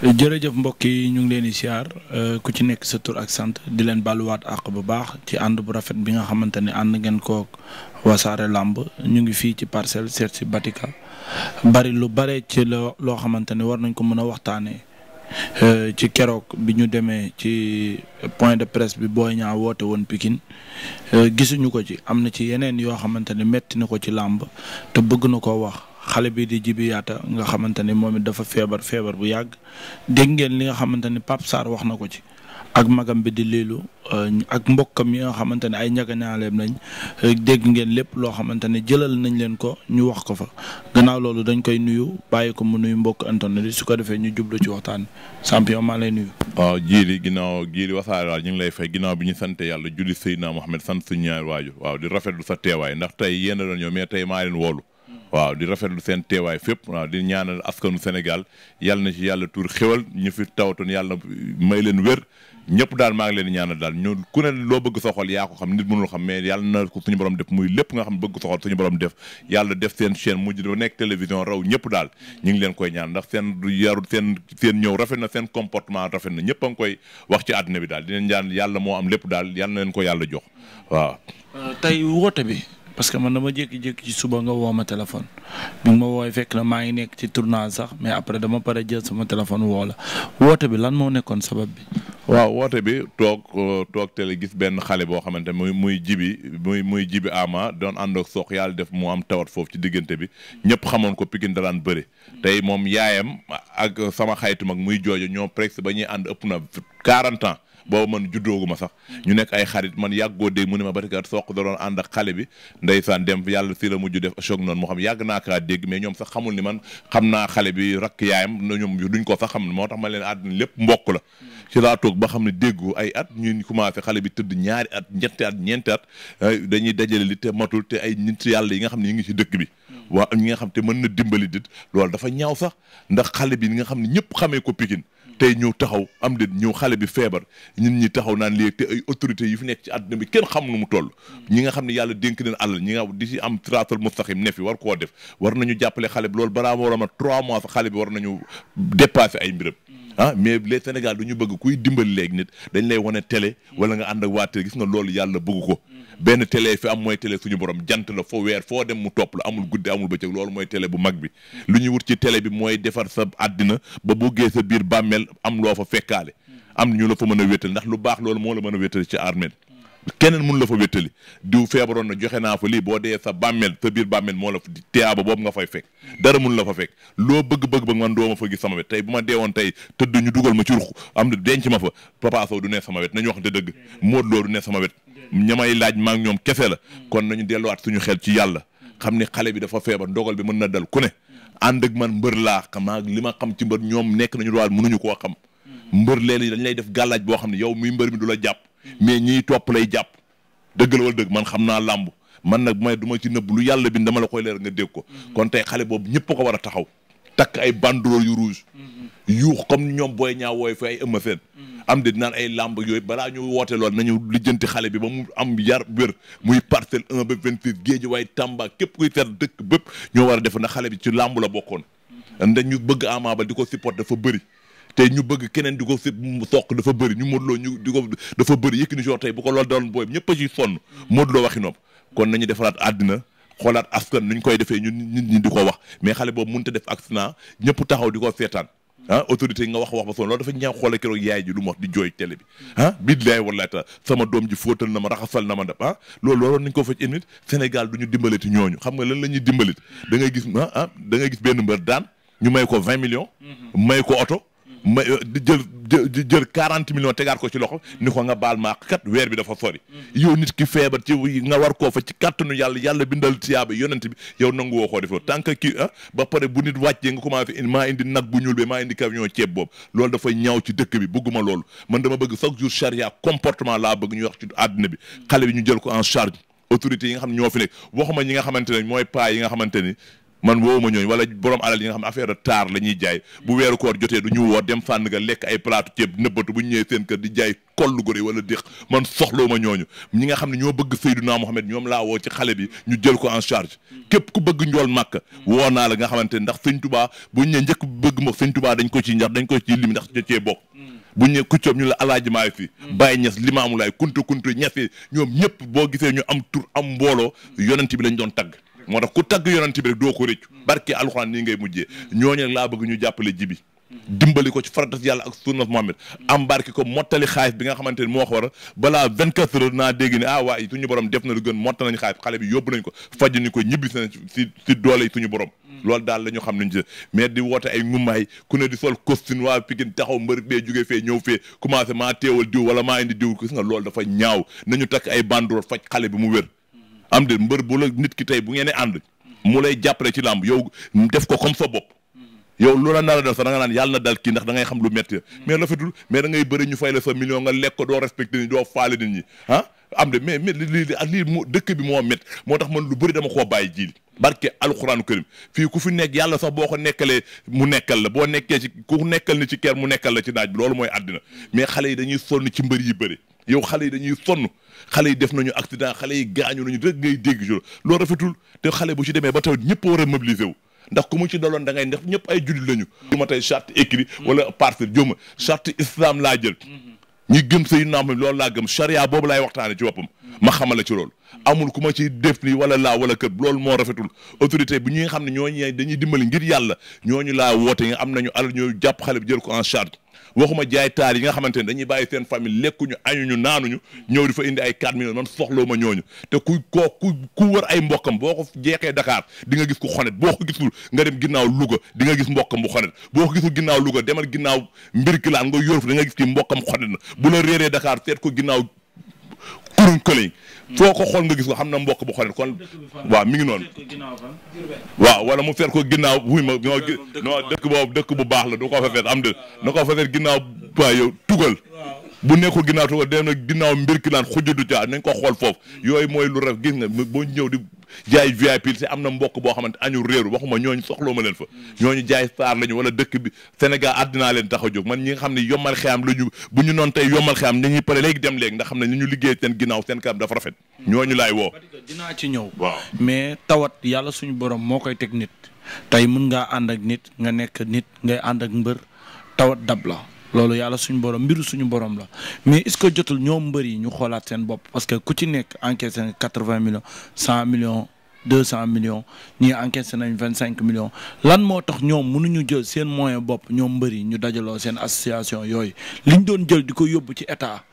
jërëjëf mbokk yi ñu ngi leen di siyaar euh, ku ci nekk sa tour ak sant di leen baaluwaat àq bu baax ci ànd bu rafet bi nga xamante ne ànd ngeen koo wasaare làmb ñu ngi fii ci parcelle seet si Batika bari lu bare ci loo loo xamante ne war nañ ko mën a waxtaanee euh, ci keroog bi ñu demee ci point de presse bi boo Niang woote woon Pikine euh, gisuñu ko ci am na ci yeneen yoo xamante ne metti na ko ci làmb te bëgg na koo wax. xale bi di jibi yaata nga xamante ni moom it dafa feebar feebar bu yàgg dégg ngeen li nga xamante ni Pape Sarr wax na ko ci ak magam bi di liilu euh, ak mbokkam mi nga xamante ne ay njagañaaleem lañ euh, dégg ngeen lépp loo xamante ne jëlal nañ leen ko ñu wax ko fa gannaaw loolu dañ koy nuyu bàyyi ko mu nuyu mbokk internet yi su ko defee ñu jublu ci waxtaan champion maa lay nuyu waaw jiili ginnaaw jiili wasaare waaw ñu ngi lay fay ginnaaw bi ñu sante yàlla julli Seydina Mohamed sant suñu ñaari waajur waaw di rafetlu sa teewaay ndax tey yéen a doon ñëw woolu waaw di rafet lu seen teewaay fépp waaw di ñaanal askanu Sénégal yàlla na ci yàlla tuur xéwal ñu fi tawatoon yàlla may leen wér ñëpp daal maa ngi leen ñaanal daal ñoo ku ne loo bëgg soxal yaa ko xam nit mënul xam mais yàlla na ko suñu borom def muy lépp nga xam bëgg soxal suñu borom def yàlla def seen chaîne mujj do nekk télévision raw ñëpp daal ñu ngi leen koy ñaan ndax seen yaru seen seen ñëw rafet na seen comportement rafet na ñëpp a ngi koy wax ci àdduna bi daal di leen ñaan yàlla moo am lépp daal yàlla leen ko yàlla jox parce que man dama jékki-jékki ci suba nga woo ma téléphone bi ma woowee fekk na maa ngi nekk ci tournage sax mais après dama pare jël sama téléphone woo la woote bi lan moo nekkoon sabab bi. waaw woote bi toog toog télé gis benn xale boo xamante muy muy jibi muy muy jibi ama doon ànd ak sox yàlla def mu am tawat foofu ci diggante bi ñëpp xamoon ko Pikine da daan bëri tey moom yaayam ak sama xaytu mag muy joojo ñoo presque ba ñuy ànd ëpp na 40 ans. boobu man juddooguma sax ñu nekk ay xarit man yàggoo dégg mu ne ma batikat soq da doon ànd ak xale bi ndeysaan dem yàlla si la mujj def choc noonu moo xam yàgg naa kaa dégg mais ñoom sax xamul ni man xam naa xale bi rakk yaayam na ñoom duñ ko sax xam moo tax ma leen àddina lépp mbokk la hmm. ci laa toog ba xam ne déggu ay at ñun commencé xale bi tëdd ñaari at ñetti at ñeenti at dañuy dajale li te matul te ay nit yàlla yi nga xam ne ñu ngi si dëkk bi hmm. waa ñi nga xam te mën na dimbali dit loolu dafa ñaaw sax ndax xale bi nga xam ne ñëpp xamee ko Pikine tey ñëw taxaw am de ñëw xale bi feebar ñun ñi taxaw naan léegi te ay autorités yi fi nekk ci àdduna bi kenn xam nu mu toll hmm. ñi nga xam ne yàlla denk leen àlal ñi nga di ci am traatal mustaxim ne fi war ko def war nañu jàppale xale bi loolu balaa war a ma trois mois xale bi war nañu dépassé ay mbiram hmm. ah mais les Sénégal du ñu bëgg kuy dimbali léegi nit dañ lay wane télé hmm. wala nga ànd ak waa gis nga loolu yàlla bëgg ko benn télé fi am mooy télé suñu borom jant la fo weer foo dem mu topp la amul guddi amul bëccëg loolu mooy télé bu mag bi lu ñu wut ci tele bi mooy defar sa àddina ba buggee sa biir bàmmeel am loo fa fekkaale am ñu la fa mën a wéttal ndax lu baax loolu moo la mën a wéttal ci armeel keneen mun la fa wéttali feebaroon na joxe naa fa lii boo dee sa bàmmeel sa biir bàmmeel moo la teyaaba nga fay fekk dara mun la fa fekk loo bëgg-bëgg ba man doo ma fa gis sama wet tey bu ma deewoon tey tëdd ñu dugal ma ci ruq am na denc ma fa Papa Sow du ne sama wet nañu wax te dëgg Modou Lo du ne sama wet ña may laaj maak ñoom kese la kon nañu delluwaat suñu xel ci yàlla xam ne xale bi dafa feebar ndogal bi mën na dal ku ne ànd ak man mbër laa xamaa li ma xam ci mbër ñoom nekk nañu daal mënuñu koo xam mbër léeg-léeg lay def gàllaaj boo xam ne yow muy mbër mi du la jàpp mais ñiy topp lay jàpp dëgg la wala dëgg man xam naa làmb man nag may duma ci nëbb lu yàlla bi dama la koy leer nga dégg ko kon tey xale boobu ñëpp ko war a taxaw takk ay banderole yu rouge mm-hmm. yuux comme ñoom booy ñaa wooy fi ay ëmma mm-hmm. seen am de naan ay làmb yooyu balaa ñu woote loon nañu lijjanti xale bi ba mu am yar wér muy parcelle un ba vingt six waaye Tamba képp kuy ter dëkk bépp ñoo war a def na xale bi ci làmb la bokkoon mm-hmm. ndax ñu bëgg Ama ba di ko supporter dafa bëri te ñu bëgg keneen di ko si soq dafa bëri ñu Modou Lo ñu di ko dafa bëri Yékini joor tey bu ko lool doon booy ñëpp a ciy sonn Modou Lo waxi nopp kon nañu àddina xoolaat askan nuñ koy defee ñun nit ñi di ko wax mais xale boobu mënut a def accident ñëpp taxaw di ko feetaan ah autorité yi nga wax wax ba sonn loolu dafa ñaaw xoole keroog yaay ji lu mu di jooy télé bi ah billaay wallaay ta sama doom ji fóotal na ma raxasal na ma def ah loolu waroon nañ ko faj une minute Sénégal du ñu dimbaliti ñooñu xam nga lan la ñuy dimbalit da ngay gis ah da ngay gis benn mbër daan ñu may ko vingt millions mhm. may ko oto may euh, jël jël quarante millions tegaat ko ci loxo ni ko nga baal maaq kat weer bi dafa sori yow nit ki feebar ci nga war koo fa ci kàttanu yàlla yàlla bindal tiyaaba yonent bi yow ah, nag bu ñuul be maa indi camion ceeb boobu loolu dafa ñaaw ci dëkk bi bëgguma loolu man dama bëgg chaque jour charia comportement laa bëgg ñu wax ci àddina bi xale bi ñu jël ko en charge autorités yi nga xam ñoo fi nekk waxuma ñi nga xamante ne mooy paa yi nga xamante ni man woowu ma ñooñu wala borom alal yi nga xam ne affaire taar la ñuy jaay bu weeru koor jotee du ñu woo dem fànn nga lekk ay plaatu ceeb nëbbatu bu ñu ñëwee seen kër di jaay kollu gore wala déq man soxloo ma ñooñu ñi nga xam ne ñoo bëgg Seydina Mohamed ñoom laa woo ci xale bi ñu jël ko en charge képp ku bëgg njool màkk woo naa la nga xamante ndax sëñ tubaa bu ñu ne njëkk bëgg ma sëñ tubaa dañ ko ci ndax dañ ko ci lim ndax ca cee bokk bu ñu ne kuccoob ñu la alaaji maay fi bàyyi ñes limaamulaay kunta kunta ñese ñoom ñëpp boo gisee ñu am tur am yonent bi lañ doon tagg moo tax ku tagg yonent bi rek doo ko réccu barke alxuraan nii ngay mujjee ñooñu rek laa bëgg ñu jàppale jibi dimbali ko ci faratas yàlla ak sunna am embarqué ko mottali xaalis bi nga xamante ni moo ko balaa vingt quatre heures naa dégg ne ah waa yi suñu borom def na lu gën nañ xaalis xale bi yóbbu nañ ko faj ni ko ñibbi seen si si doole yi suñu borom loolu daal la ñu xam nañ mais di woote ay ngummaay ku ne di sol costume waa Pikine taxaw mbër bee jógee fee ñëw fee commencé maa teewal diw wala maa indi diw gis nga loolu dafa ñaaw nañu takk ay banderole faj xale bi mu wér am de mbër bu la nit ki tey bu ngeen ànd mu lay jàppale ci làmb yow def ko comme sa bopp yow lu la nar a dal sax da yàlla dal kii ndax da ngay lu metti mais rafetul mais da bëri ñu fay la sa million nga lekk ko doo respecté ni doo faale nit ñi ah am de lii lii mu dëkk bi moo métti moo tax man lu bëri dama koo bàyyi jiili barke alxuraanu karim fii ku fi nekk yàlla sax boo ko nekkalee mu nekkal la boo nekkee ci ku nekkal ni ci ker mu nekkal la ci naaj bi loolu mooy àddina mais xale yi dañuy sonn ci mbër yi bëri yow xale yi dañuy sonn xale yi def nañu accident xale yi gaañu nañu rek ngay dégg jor loolu rafetul te xale bu ci demee ba taw ñëpp war a mobiliser wu ndax ku mu ci daloon da ngay ñëpp ay jullit lañu ñu ma tey charte écrit wala parti joma charte islam laa jël ñi gëm say naam loolu laa gëm charia boobu laay waxtaane ci boppam ma xamala ci loolu amul ku ma ci def ni wala laa wala kër loolu moo rafetul autorité bu ñi nga xam ne ñooñu dañuy dimbali ngir yàlla ñooñu laa woote nga am nañu alal ñoo jàpp xale bi jël ko en charge waxuma jaay taal yi nga xamante ne dañuy bàyyi seen famille lekkuñu añuñu naanuñu ñëw di fa indi ay 4 millions man soxloo ma ñooñu te ku koo ku ku war ay mbokkam boo ko jeexee dakaar di nga gis ku xonet boo ko gisul nga dem ginnaaw Louga di nga gis mbokkam bu xonet boo ko gisul ginnaaw demal ginnaaw mbir kilaan nga yor fa di nga gis ki mbokkam xonet na bu la réeree Dakar seet ko ginnaaw kuruñ këliñ foo ko xool nga gis nga xam na mbokk bu xoolee kon waaw mi ngi noonu waaw wala mu fer ko ginnaaw wuy ma non non dëkk boobu dëkk bu baax la du ko fa fet am de na ko fa fet ginnaaw waaw yow tugal bu nekku ginnaaw toogal dem na ginnaaw mbir ki naan xujj du caa nañ ko xool foofu yooyu mooy lu raf gis nga boo ñëw di jaay VIP si am na mbokk boo xamante añu réeru waxuma ñooñ soxloo ma leen fa ñooñu jaay saar lañu wala dëkk bi Sénégal àddinaa leen tax a jóg man ñi nga xam ne yombal xeam lu ñu bu ñu noon tey yombal xeam ñu ñuy pare léegi dem léegi ndax xam ne ñu ñu liggéey seen ginnaaw seen kanam dafa rafet ñooñu laay woo dinaa ci ñëw waaw mais tawat yàlla suñu boroom moo koy teg nit tey mën ngaa ànd ak nit nga nekk nit ngay ànd ak mbër tawat dab la loolu yàlla suñu borom mbiru suñu borom la mais est-ce que jotul ñoom mbër yi ñu xoolaat seen bopp parce que ku ci nekk encaissé na quatre-vingts millions cent millions deux cent millions ñii encaissé nañ vingt-cinq millions lan moo tax ñoom mënuñu jël seen moyen bopp ñoom mbër yi ñu dajaloo seen association yooyu liñ doon jël di ko yóbbu ci état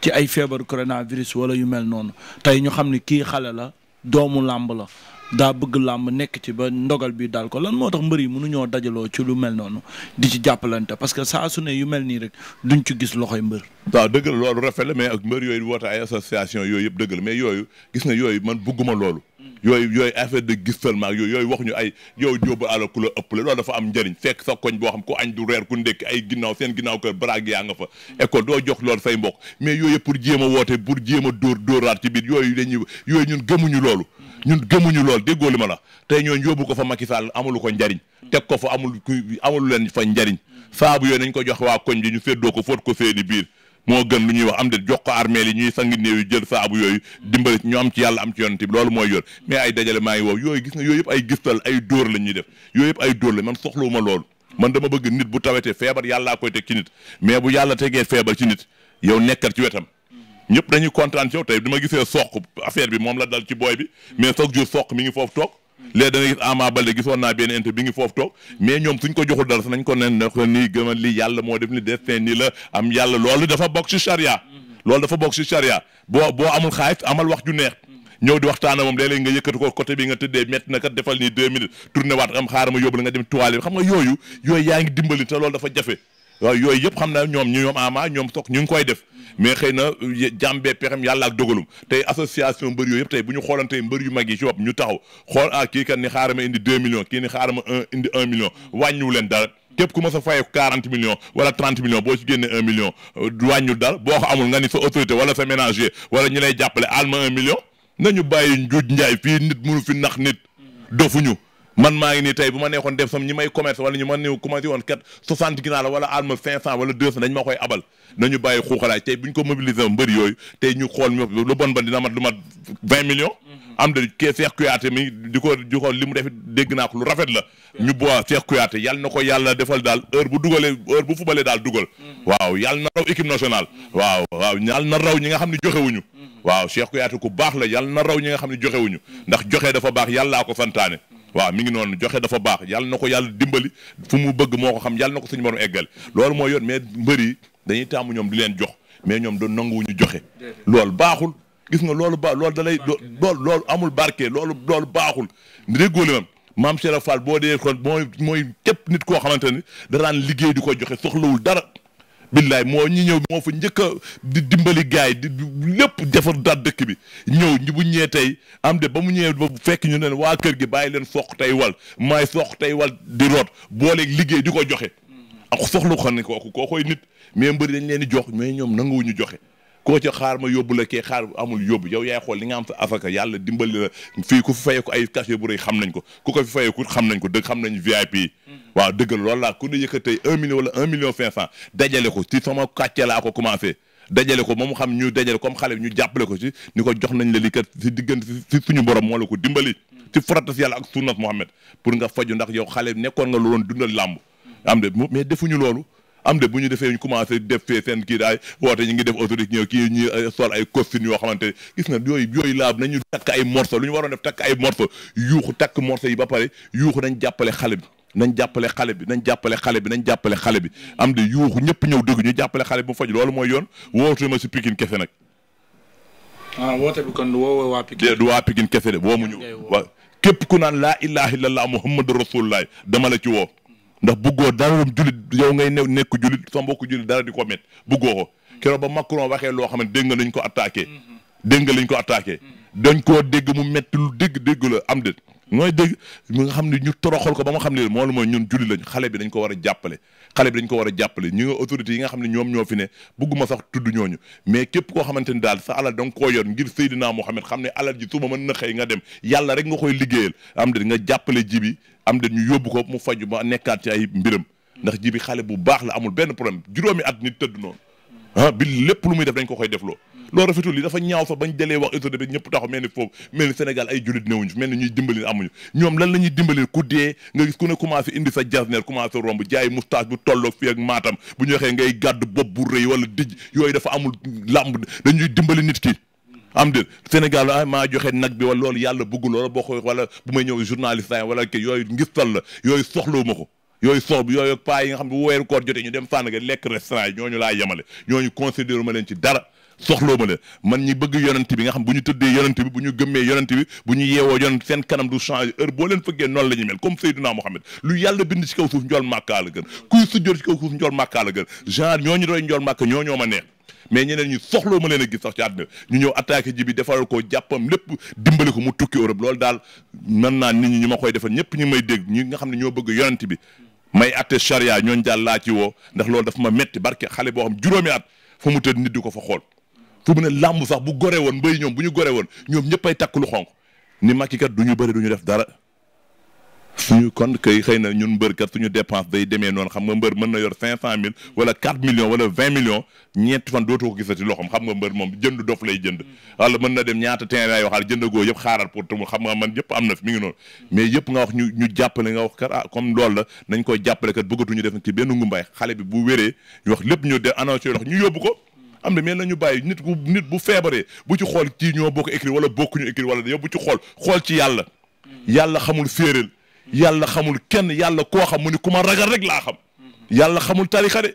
ci ay feebaru coronavirus wala yu mel noonu tey ñu xam ne kii xale la doomu làmb la daa bëgg làmb nekk ci ba ndogal bi daal ko lan moo tax mbër yi ñoo dajaloo ci lu mel noonu di ci jàppalante parce que saa su ne yu mel nii rek duñ ci gis loxoy mbër. waaw dëgg loolu rafet la mais ak mbër yooyu woote ay association yooyu yëpp dëgg la mais yooyu gis na yooyu man bëgguma loolu. yooyu yooyu affaire de gis seulement yooyu yooyu wax ñu ay yow jóobu àll ku la ëppale loolu dafa am njëriñ fekk sa koñ boo xam ku añ du reer ku ndékki ay ginnaaw seen ginnaaw kër baraag yaa nga fa école doo jox loolu say mbokk mais yooyu pour jéem a woote pour jéem a dóor dóoraat ci biir yooyu dañuy yooyu ñun gëmuñu loolu ñun gëmuñu lool déggoo li ma la tey ñooñu yóbbu ko fa Macky Sall amulu ko njariñ teg ko fa amul ku amul leen fa njariñ saabu yooyu nañ ko jox waa koñ bi ñu féddoo ko fóot ko seeni biir moo gën lu ñuy wax am de jox ko armeel yi ñuy sangi néew yi jël saabu yooyu dimbali ñu am ci yàlla am ci yonent bi loolu mooy yoon mais ay dajale maa ngi woow yooyu gis nga yooyu yëpp ay gistal ay dóor la ñuy def yooyu yëpp ay dóor la man soxlawuma loolu man dama bëgg nit bu tawetee feebar yàllaa koy teg ci mais bu yàlla tegee feebar ci nit yow nekkat ci wetam ñëpp dañuy kontaan ci yow tey bi ma gisee soq affaire bi moom la dal ci booy bi mais chaque jour soq mi ngi foofu toog léegi dana gis Ama Baldé gisoon naa benn ente bi ngi foofu toog mais ñoom suñ ko joxul dara nañ ko ne nii gëmal lii yàlla moo def ni destin nii la am yàlla loolu dafa bokk ci charia loolu dafa bokk ci charia boo boo amul xaalis amal wax ju neex ñëw di waxtaan moom léeg-léeg nga yëkkati ko côté bi nga tëddee métti na kat defal nii deux minutes tourné waat am xaaral ma yóbbu nga dem toile xam nga yooyu yooyu yaa ngi dimbali te loolu dafa jafe waaw yooy yëpp xam naa ñoom ñu ñoom ama ñoom soog ñu ngi koy def mais xëy na jàmbee pexem yàlla ak dogalum tey association mbër yooyu yëpp tey bu ñu xoolantee mbër yu mag yi ci ñu taxaw xool ah kii kat ni xaaral ma indi deux millions kii ni xaaral ma un indi un million wàññiwu leen dara képp ku ma sa fayeeku quarante millions wala trente millions boo ci génnee un million euh, wàññul dal boo ko amul nga ni sa autorité wala sa ménager wala ñu lay jàppale alma un million nañu bàyyi njuuj njaay fii nit mënu fi nax nit dofuñu man maa ngi nii tey bu ma neexoon def sam ñi may commerce wala ne commencé woon kat soixante ginaar la wala alma cinq cent wala deux cent dañ ma koy abal nañu bàyyi xuuxalaay tey buñ ko mobiliser mbëri yooyu tey ñu xool lu bon bon dina mat lu mat vingt millions mhm. am da kee Cheikh Kouyaté mi di ko li mu def dégg naa ko lu rafet la ñu bois Cheikh Kouyaté yàlla na ko yàlla defal daal heure bu dugalee heure bu fubalee daal dugal mhm. waaw yàlla na raw équipe nationale mhm. waaw waaw yàlla na raw ñi nga xam ne joxewuñu waaw Cheikh Kouyaté ku baax la yàlla na raw ñi nga xam ne joxewuñu ndax joxe dafa baax yàllaa ko santaane waaw mi ngi noonu joxe dafa baax yàlla na ko yàlla dimbali fu mu bëgg moo ko xam yàlla na ko suñu borom eggal loolu mooy yoon mais mbër yi dañuy taamu ñoom di leen jox mais ñoom do nanguwuñu joxe loolu baaxul gis nga loolu ba loolu da lay loolu loolu amul barke loolu loolu baaxul déggoo li mam maam Cheikh Fall boo dee kon mooy mooy képp nit koo xamante ni da daan liggéey di ko joxe soxlawul dara billaay moo ñu ñëw moo fa njëkk a di dimbali gaay di lépp defar daat dëkk bi ñëw ñu bu ñëwee tey am de ba mu ñëwee ba fekk ñu ne waa kër gi bàyyi leen soq tey wal maay soq tey wal di root booleeg liggéey di ko joxe ak soxlu xam ne kooku koo koy nit mais mbëri dañ leen di jox mais ñoom nanguwuñu joxe koo ca xaar ma yóbbu la kee xaar amul yóbbu yow yaay xool li nga am sa afaka yàlla dimbali fii ku fi fayeeku ay cachet bu rëy xam nañ ko ku ko fi fayeeku xam nañ ko dëgg xam nañ VIP waaw dëgg la loolu laa ku ne yëkkatee un million wala un million cinq cent dajale ko ci sama kàcce laa ko commencé dajale ko moom xam ñu dajale comme xale ñu jàppale ko ci ni ko jox nañ la li kat si diggante si suñu borom moo la ko dimbali. ci farata si yàlla ak sunnat Muhammad pour nga faju ndax yow xale nekkoon nga loolu dundal làmb. am de mais defuñu loolu. am de bu ñu defee ñu commencé def fee seen kii daay woote ñu ngi def autorité ñëw kii ñuy euh, sol ay costume yoo xamante gis nga yooyu yooyu laab nañu takk ay morceau lu ñu waroon def takk ay morceau yuuxu takk morceau yi ba pare yuuxu nañ jàppale xale bi nañ jàppale xale bi nañ jàppale xale bi nañ jàppale xale bi am de yuuxu ñëpp ñëw dëgg ñu jàppale xale bi mu faj loolu mooy yoon woote ma si Pikine kese nag. ah woote bi kon woowoo waa Pikine. du waa Pikine kese de woo mu ñu. waaw képp ku naan laa ilaha illallah muhammadu rasulullah dama la ci woo. ndax bëggoo dara julit yow ngay new nekk julit sa mbokku julit dara di ko met bëggoo ko keroog ba Macron waxee loo xam ne dégg nga lañ ko attaqué. Mm-hmm. dégg nga lañ ko attaqué. Mm-hmm. dañ koo dégg mu métti lu dégg dégg la am de mooy dëgg mu nga xam ne ñu toroxal ko ba ma xam ne moom mooy ñun julli lañ xale bi dañ ko war a jàppale xale bi dañ ko war a jàppale ñu nga yi nga xam ne ñoom ñoo fi ne bëgguma sax tudd ñooñu mais képp koo xamante ni daal sa alal da nga koo yor ngir Seydina Mohamed xam ne alal ji suba mën na xëy nga dem yàlla rek nga koy liggéeyal am de nga jàppale ji bi am de ñu yóbbu ko mu faju ba nekkaat ci ay mbiram ndax ji bi xale bu baax la amul benn problème juróomi at nit tëdd noonu ah bi lépp lu muy def dañ ko koy defloo loolu rafetul li dafa ñaaw sax bañ delee wax autorité bi ñëpp taxaw mel ni foofu mel ni Sénégal ay jullit néewuñu fi mel ni ñuy dimbali amuñu ñoom la ñuy dimbali ku dee nga gis ku commencé indi sa jasneer commencé romb jaay moustache bu tolloog fii ak maatam bu ñu ngay gàddu bopp bu wala dij yooyu dafa amul làmb dañuy dimbali nit ki am de Sénégal ah maa joxe nag bi wala loolu yàlla bëggul wala boo ko wala bu may ñëw journaliste wala kii yooyu ngistal la yooyu soxlawu ma ko yooyu soob yooyu paa yi nga xam ne bu weeru koor jotee ñu dem fànn ga lekk restaurant yi ñooñu laa yemale ñooñu considéré ma leen ci dara soxloo ma la man ñi bëgg yonent bi nga xam bu ñu tëddee yonent bi bu ñu gëmmee yonent bi bu ñu yeewoo seen kanam du changé heure boo leen fëggee noonu la ñuy mel comme Seydina Mohamed lu yàlla bind ci kaw suuf njool màkkaa la gën kuy sujjoor ci kaw suuf njool màkkaa la gën genre ñooñu ñoo ñoo ma neex mais ñeneen ñu soxloo ma leen a gis sax ci àdduna ñu ñëw attaqué ji bi defaral ko jàppam lépp dimbali ko mu tukki Europe loolu daal mën naa nit ñi ñu ma koy defal ñëpp ñu may dégg ñi nga xam ne ñoo bëgg yonent bi may atte charia ñooñ daal laa ci woo ndax loolu daf ma metti barke xale boo xam juróomi at fa mu tëdd nit di ko fa xool fu mu ne làmb sax bu gore woon mbéy ñoom bu ñu gore woon ñoom ñëpp ay takk lu xonq ni Macky kat du ñu bëri du ñu def dara suñu kon kay xëy na ñun mbër kat ñu dépense day demee noonu xam nga mbër mën na yor cinq cent mille wala quatre millions wala vingt millions ñeenti fan dootoo ko gisati loxoom xam nga mbër moom jënd dof lay jënd wala mën na dem ñaata terrain yoo xam ne jëndagoo yëpp xaaral pour tumu xam nga man yëpp am na fi mi noonu mais yëpp ñu ñu jàppale nga wax kat ah comme jàppale kat bëggatuñu def lépp ñu de annoncé wax ñu yóbbu ko am na mais nañu bàyyi nit bu nit bu feebaree bu ci xool ci ñoo bokk écrit wala bokkuñu écrit wala yow bu ci xool xool ci yàlla yàlla xamul féeréel yàlla xamul kenn yàlla koo xam mu ni ku ragal rek laa xam yàlla xamul tarixa de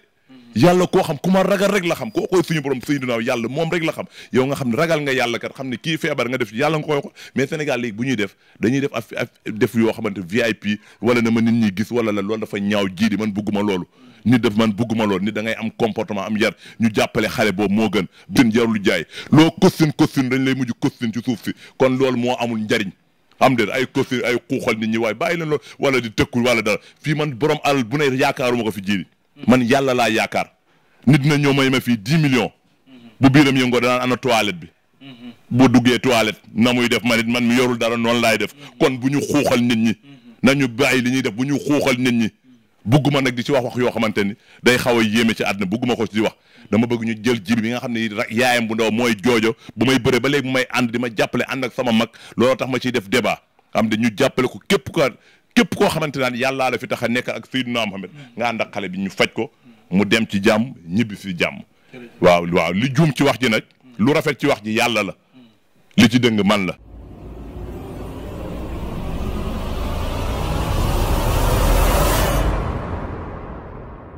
yàlla koo xam ku ma ragal rek la xam ko koy suñu borom suñu dinaaw yàlla moom rek la xam yow nga xam ne ragal nga yàlla kat xam ne kii feebar nga def yàlla nga koy xool mais Sénégal bu ñuy def dañuy def a def yoo xamante VIP wala na ma nit ñi gis wala la loolu dafa ñaaw jii di man bugguma loolu nit def man bugguma lool nit da ngay am comportement am yar ñu jàppale xale boobu moo gën bin jarul jaay loo costume costume dañ lay mujj costume ci suuf si kon loolu moo amul njariñ am déet ay costume ay xuuxal nit ñi waaye bàyyi leen loolu wala di tëkkul wala dara fii man borom alal bu ne yaakaaruma ko fi jiiri man yàlla yaakaar nit na ñoo may ma fii dix millions bu biiram yëngoo danaan ana toilette bi bu duggee toilette na muy def man it man mi yorul dara noonu laay def kon bu ñu xuuxal nit ñi nañu bàyyi li def bu ñu xuuxal nit ñi bugguma nag di ci wax wax yoo xamante ni day xaw a yéeme ci àdduna bugguma ko ci wax dama bëgg ñu jël jibi bi nga xam ne yaayam bu ndaw mooy joojo bu may bëre ba léegi may ànd di ma jàppale ànd ak sama mag looloo tax ma ciy def débat xam de ñu jàppale ko képp ko képp koo xamante naan yàllaa la fi tax a nekk ak Seydina Mohamed nga ànd ak xale bi ñu faj ko mu dem ci jàmm ñibbi si jàmm waaw li juum ci wax ji nag lu rafet ci wax ji yàlla la li ci dëng man la